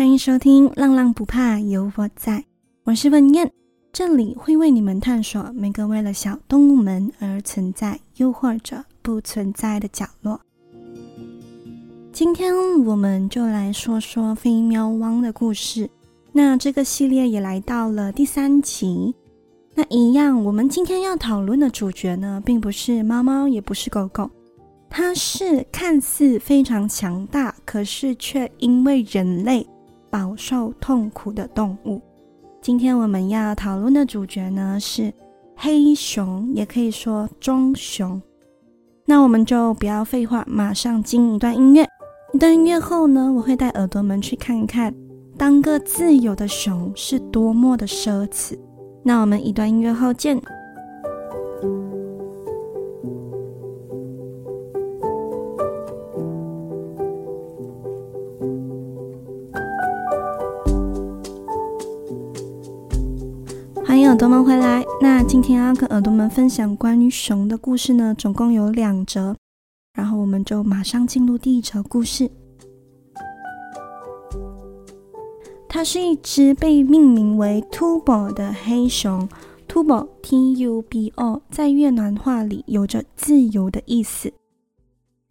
歡迎收聽《浪浪不怕，有我在》，我是文燕，這裡會為你們探索每個為了小動物們而存在，又或者不存在的角落。今天我們就來說說非喵汪的故事。那這個系列也來到了第三集。那一樣，我們今天要討論的主角呢，並不是貓貓，也不是狗狗，它是看似非常強大，可是卻因為人類，飽受痛苦的動物。今天我們要討論的主角呢，是黑熊，也可以說棕熊。那我們就不要廢話，馬上進一段音樂。一段音樂後呢，我會帶耳朵們去看一看，當個自由的熊是多麼的奢侈。那我們一段音樂後見。今天要、啊、跟耳朵們分享關於熊的故事呢，總共有兩則，然後我們就馬上進入第一則故事。它是一隻被命名為 TUBO 的黑熊，TUBO，T-U-B-O，在越南話裡有着自由的意思。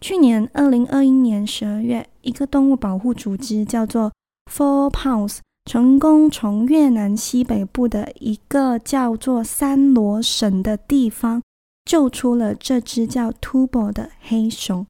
去年二零二一年十二月，一個動物保護組織叫做 Four Paws 成功從越南西北部的一個叫做三羅省的地方救出了這隻叫 Tubo 的黑熊。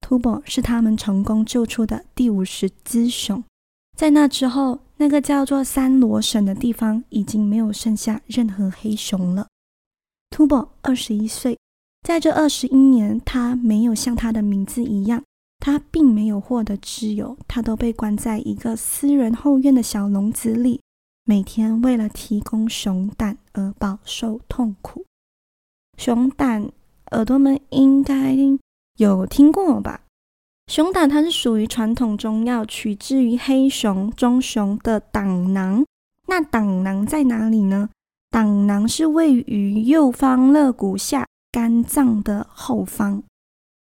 Tubo 是他們成功救出的第五十隻熊。在那之後，那個叫做三羅省的地方已經沒有剩下任何黑熊了。Tubo 二十一歲，在這二十一年，他沒有像他的名字一樣。他並沒有獲得自由，他都被關在一個私人後院的小籠子裡，每天為了提供熊膽而飽受痛苦。熊膽，耳朵們應該有聽過吧？熊膽它是屬於傳統中藥，取之於黑熊、棕熊的膽囊。那膽囊在哪裡呢？膽囊是位於右方肋骨下肝臟的後方。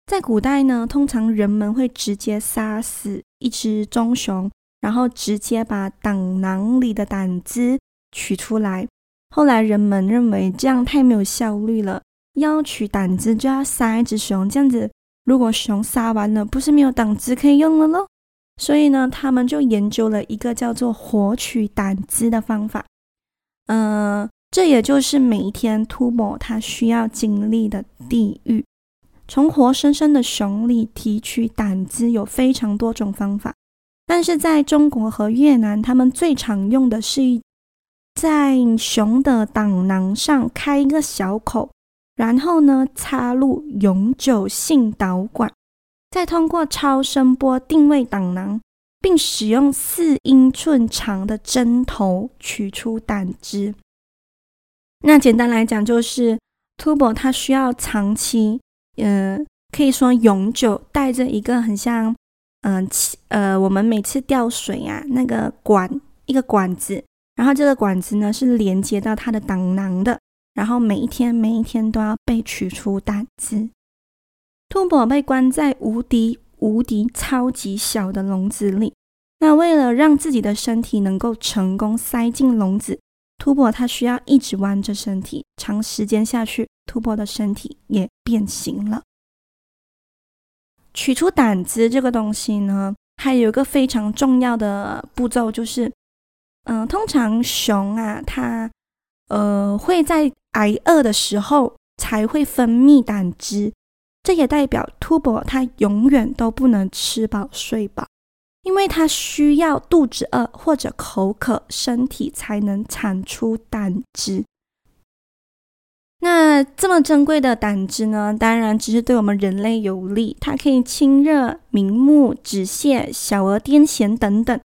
在古代呢，通常人們會直接殺死一隻棕熊，然後直接把膽囊裡的膽汁取出來。後來人們認為這樣太沒有效率了，要取膽汁就要殺一隻熊，這樣子如果熊殺完了，不是沒有膽汁可以用了咯，所以呢，他們就研究了一個叫做活取膽汁的方法。嗯、呃，這也就是每一天 TUBO 他需要經歷的地獄。從活生生的熊裡提取膽汁有非常多種方法，但是在中國和越南，他們最常用的是一在熊的膽囊上開一個小口，然後呢插入永久性導管，再通過超聲波定位膽囊，並使用四英寸長的針頭取出膽汁。那簡單來講，就是 TUBO 它需要長期。嗯、呃，可以說永久帶着一個很像，嗯、呃，呃，我們每次吊水啊，那個管，一個管子，然後這個管子呢是連接到它的膽囊的，然後每一天每一天都要被取出膽汁。兔寶被關在無敵無敵超級小的籠子裡，那為了讓自己的身體能夠成功塞進籠子。TUBO 它需要一直彎着身體，長時間下去，TUBO 的身體也變形了。取出膽汁這個東西呢，還有一個非常重要的步驟，就是，嗯、呃，通常熊啊，它呃會在挨餓的時候才會分泌膽汁，這也代表 TUBO 它永遠都不能吃飽睡飽。因為它需要肚子餓或者口渴，身體才能產出膽汁。那這麼珍貴的膽汁呢？當然只是對我們人類有利，它可以清熱、明目、止瀉、小兒癲癇等等。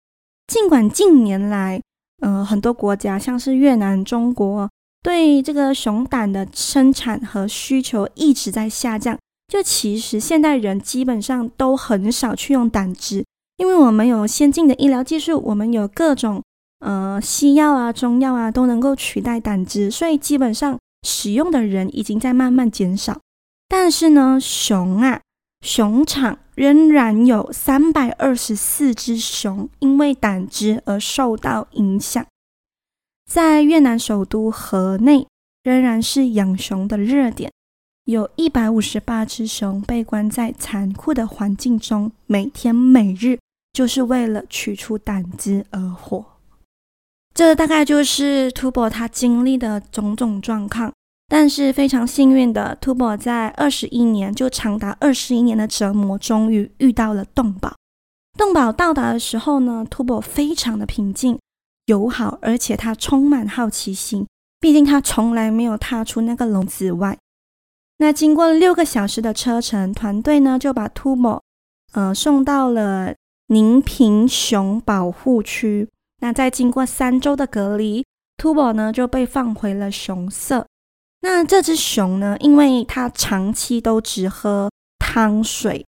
儘管近年來，嗯、呃，很多國家，像是越南、中國，對這個熊膽的生產和需求一直在下降。就其實，現代人基本上都很少去用膽汁。因為我們有先進的醫療技術，我們有各種呃西藥啊、中藥啊都能夠取代膽汁，所以基本上使用的人已經在慢慢減少。但是呢，熊啊，熊場仍然有三百二十四隻熊因為膽汁而受到影響。在越南首都河內仍然是養熊的熱點，有一百五十八隻熊被關在殘酷的環境中，每天每日，就是為了取出膽汁而活，這大概就是 TUBO 他經歷的種種狀況。但是非常幸運的 TUBO 在二十一年就長達二十一年的折磨，終於遇到了動保。動保到達的時候呢 TUBO 非常的平靜、友好，而且他充滿好奇心。畢竟他從來沒有踏出那個籠子外。那經過六個小時的車程，團隊呢就把 TUBO 呃，送到了。寧平熊保護區，那在經過三周的隔離，TUBO 呢就被放回了熊舍。那這隻熊呢，因為它長期都只喝湯水，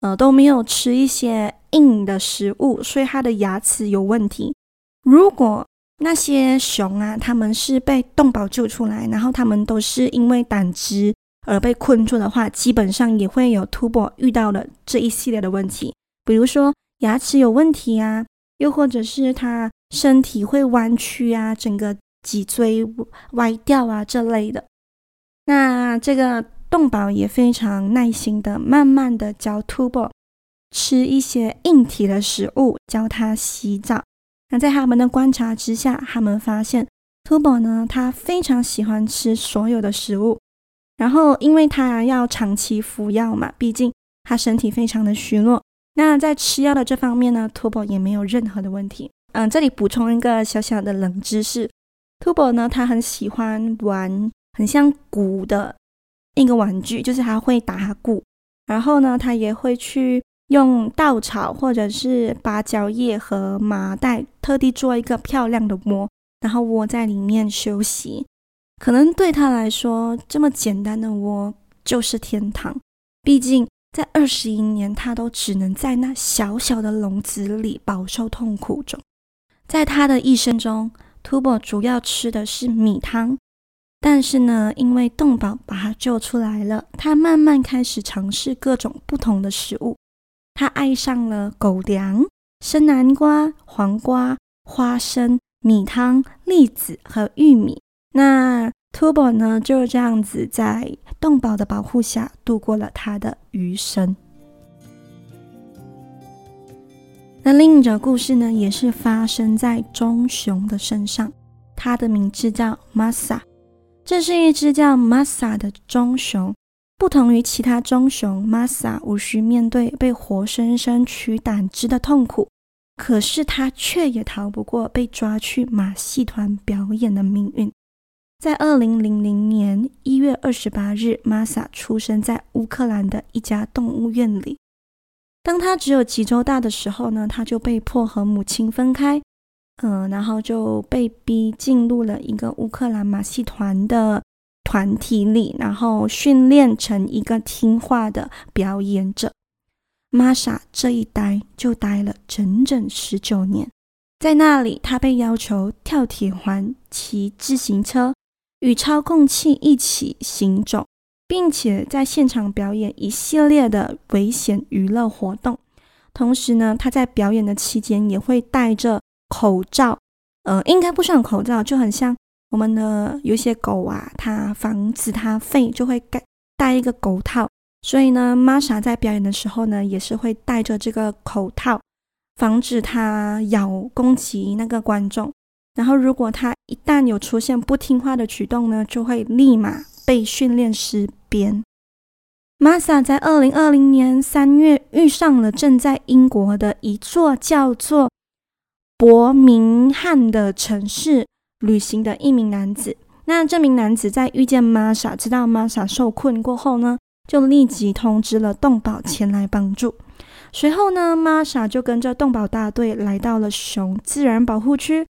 呃，都沒有吃一些硬的食物，所以它的牙齒有問題。如果那些熊啊，它們是被動保救出來，然後它們都是因為膽汁而被困住的話，基本上也會有 TUBO 遇到了這一系列的問題，比如說。牙齒有問題啊，又或者是他身體會彎曲啊，整個脊椎歪掉啊這類的。那這個洞寶也非常耐心的，慢慢的教 TUBO 吃一些硬體的食物，教他洗澡。那在他們的觀察之下，他們發現 TUBO 呢，他非常喜歡吃所有的食物。然後，因為他要長期服藥嘛，畢竟他身體非常的虛弱。那在吃藥的這方面呢，TUBO 也沒有任何的問題。嗯、呃，這裡補充一個小小的冷知識 TUBO 呢，他很喜歡玩很像鼓的一個玩具，就是他會打鼓。然後呢，他也會去用稻草或者是芭蕉葉和麻袋，特地做一個漂亮的窩，然後窩在裡面休息。可能對他來說，這麼簡單的窩就是天堂。畢竟。在二十一年，他都只能在那小小的籠子裡飽受痛苦中。在他的一生中，TUBO 主要吃的是米湯，但是呢，因為動保把他救出來了，他慢慢開始嘗試各種不同的食物。他愛上了狗糧、生南瓜、黃瓜、花生、米湯、栗子和玉米。那 TUBO 呢，就這樣子在動保的保護下度過了他的餘生。那另一則故事呢，也是發生在棕熊的身上。它的名字叫 Masha。這是一只叫 Masha 的棕熊，不同於其他棕熊，Masha 無需面對被活生生取膽汁的痛苦，可是它卻也逃不過被抓去馬戲團表演的命運。在二零零零年一月二十八日 Masha 出生在烏克蘭的一家動物院裡。當他只有幾週大的時候呢，他就被迫和母親分開，嗯、呃，然後就被逼進入了一個烏克蘭馬戲團的團體裡，然後訓練成一個聽話的表演者。Masha 這一待就待了整整十九年，在那裡，他被要求跳鐵環、騎自行車。與操控器一起行走，並且在現場表演一系列的危險娛樂活動。同時呢，他在表演的期間也會戴着口罩，呃，應該不算口罩，就很像我們的有些狗啊，它防止它吠就會蓋戴一個狗套。所以呢，瑪莎在表演的時候呢，也是會戴着這個口套，防止它咬攻擊那個觀眾。然後，如果他一旦有出現不聽話的舉動呢，就會立馬被訓練師鞭。瑪莎在二零二零年三月遇上了正在英國的一座叫做伯明翰的城市旅行的一名男子。那這名男子在遇見瑪莎，知道瑪莎受困過後呢，就立即通知了動保前來幫助。隨後呢，瑪莎就跟着動保大隊來到了熊自然保護區。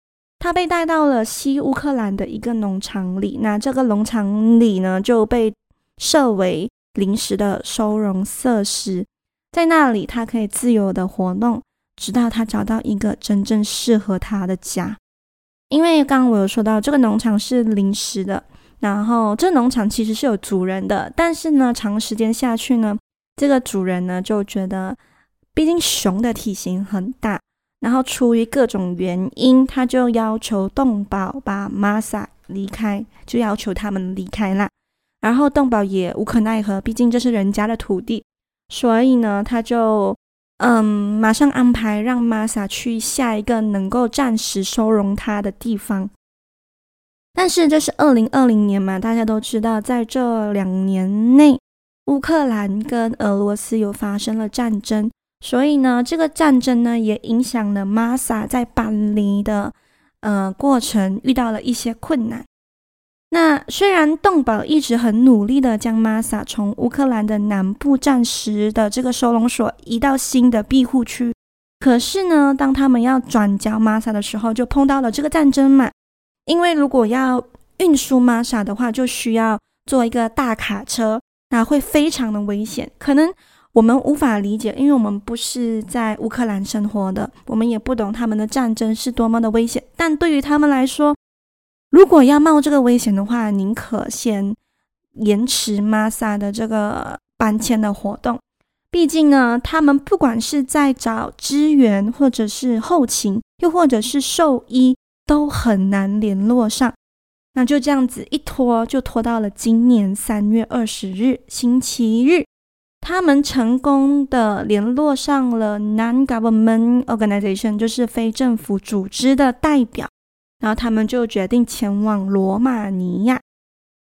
他被帶到了西烏克蘭的一個農場裡，那這個農場裡呢就被設為臨時的收容設施，在那裡他可以自由的活動，直到他找到一個真正適合他的家。因為剛剛我有說到，這個農場是臨時的，然後這農場其實是有主人的，但是呢，長時間下去呢，這個主人呢就覺得，畢竟熊的體型很大。然後出於各種原因，他就要求動保把瑪莎離開，就要求他們離開啦。然後動保也無可奈何，畢竟這是人家的土地，所以呢，他就嗯馬上安排讓瑪莎去下一個能夠暫時收容他的地方。但是這是二零二零年嘛，大家都知道，在這兩年內，烏克蘭跟俄羅斯又發生了戰爭。所以呢，這個戰爭呢，也影響了 Masha 在搬離的呃，過程遇到了一些困難。那雖然動保一直很努力地將 Masha 從烏克蘭的南部戰時的這個收容所，移到新的庇護區，可是呢，當他們要轉交 Masha 的時候，就碰到了這個戰爭嘛。因為如果要運輸 Masha 的話，就需要坐一個大卡車，那會非常的危險，可能。我們無法理解，因為我們不是在烏克蘭生活的，我們也不懂他們的戰爭是多麼的危險。但對於他們來說，如果要冒這個危險的話，寧可先延遲 Masha 的這個搬遷的活動。畢竟呢，他們不管是在找支援，或者是後勤，又或者是獸醫，都很難聯絡上。那就這樣子一拖，就拖到了今年三月二十日，星期日。他們成功的聯絡上了 Non Government Organization，就是非政府組織的代表，然後他們就決定前往羅馬尼亞。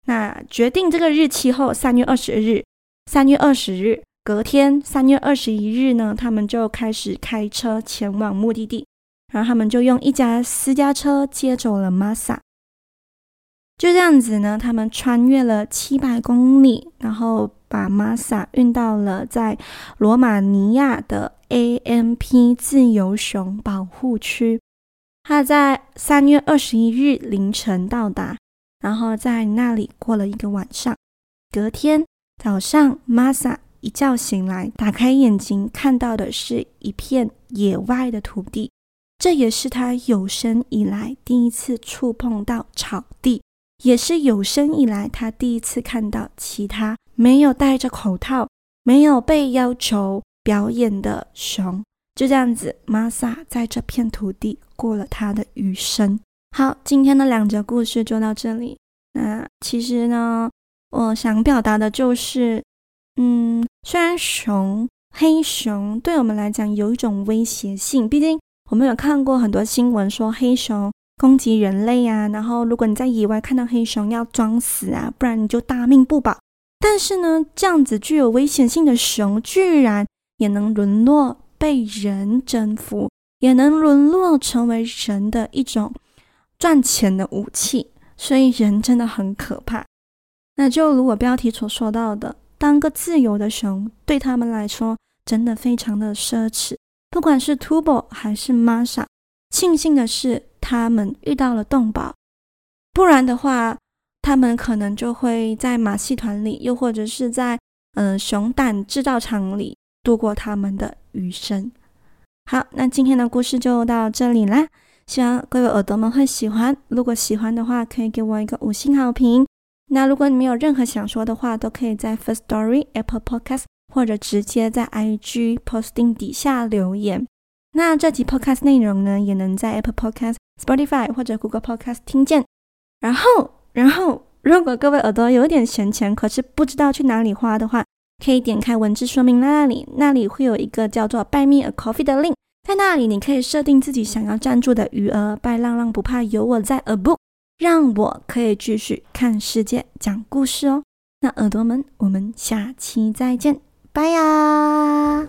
那決定這個日期後，三月二十日，三月二十日，隔天三月二十一日呢，他們就開始開車前往目的地，然後他們就用一家私家車接走了 Masha。就這樣子呢，他們穿越了七百公里，然後，把 Masha 運到了在羅馬尼亞的 AMP 自由熊保護區。他在三月二十一日凌晨到達，然後在那裡過了一個晚上。隔天早上 Masha 一覺醒來，打開眼睛看到的是一片野外的土地，這也是他有生以來第一次觸碰到草地。也是有生以來他第一次看到其他沒有戴着口套、沒有被要求表演的熊。就這樣子，瑪莎在這片土地過了他的餘生。好，今天的兩則故事就到這裡。那其實呢，我想表達的就是，嗯，雖然熊，黑熊對我們來講有一種威脅性，畢竟我們有看過很多新聞說黑熊。攻擊人類呀、啊，然後如果你在野外看到黑熊，要裝死啊，不然你就大命不保。但是呢，這樣子具有危險性的熊，居然也能淪落被人征服，也能淪落成為人的一種賺錢的武器。所以人真的很可怕。那就如果標題所說到的，當個自由的熊，對他們來說真的非常的奢侈。不管是 TUBO 還是 Masha。慶幸，幸的是，他們遇到了動保，不然的話，他們可能就會在馬戲團裡，又或者是在嗯、呃、熊膽製造廠裡度過他們的餘生。好，那今天的故事就到這裡啦，希望各位耳朵們會喜歡。如果喜歡的話，可以給我一個五星好評。那如果你們有任何想說的話，都可以在 Firstory Apple Podcast 或者直接在 IG Posting 底下留言。那這集 podcast 內容呢，也能在 Apple Podcast、Spotify 或者 Google Podcast 聽見。然後，然後，如果各位耳朵有點閒錢，可是不知道去哪裡花的話，可以點開文字說明那裡，那裡會有一個叫做 Buy me a coffee 的 link，在那裡你可以設定自己想要贊助的餘額。拜浪浪不怕有我在，a b o o 讓我可以繼續看世界、講故事哦。那耳朵們，我們下期再見，拜呀！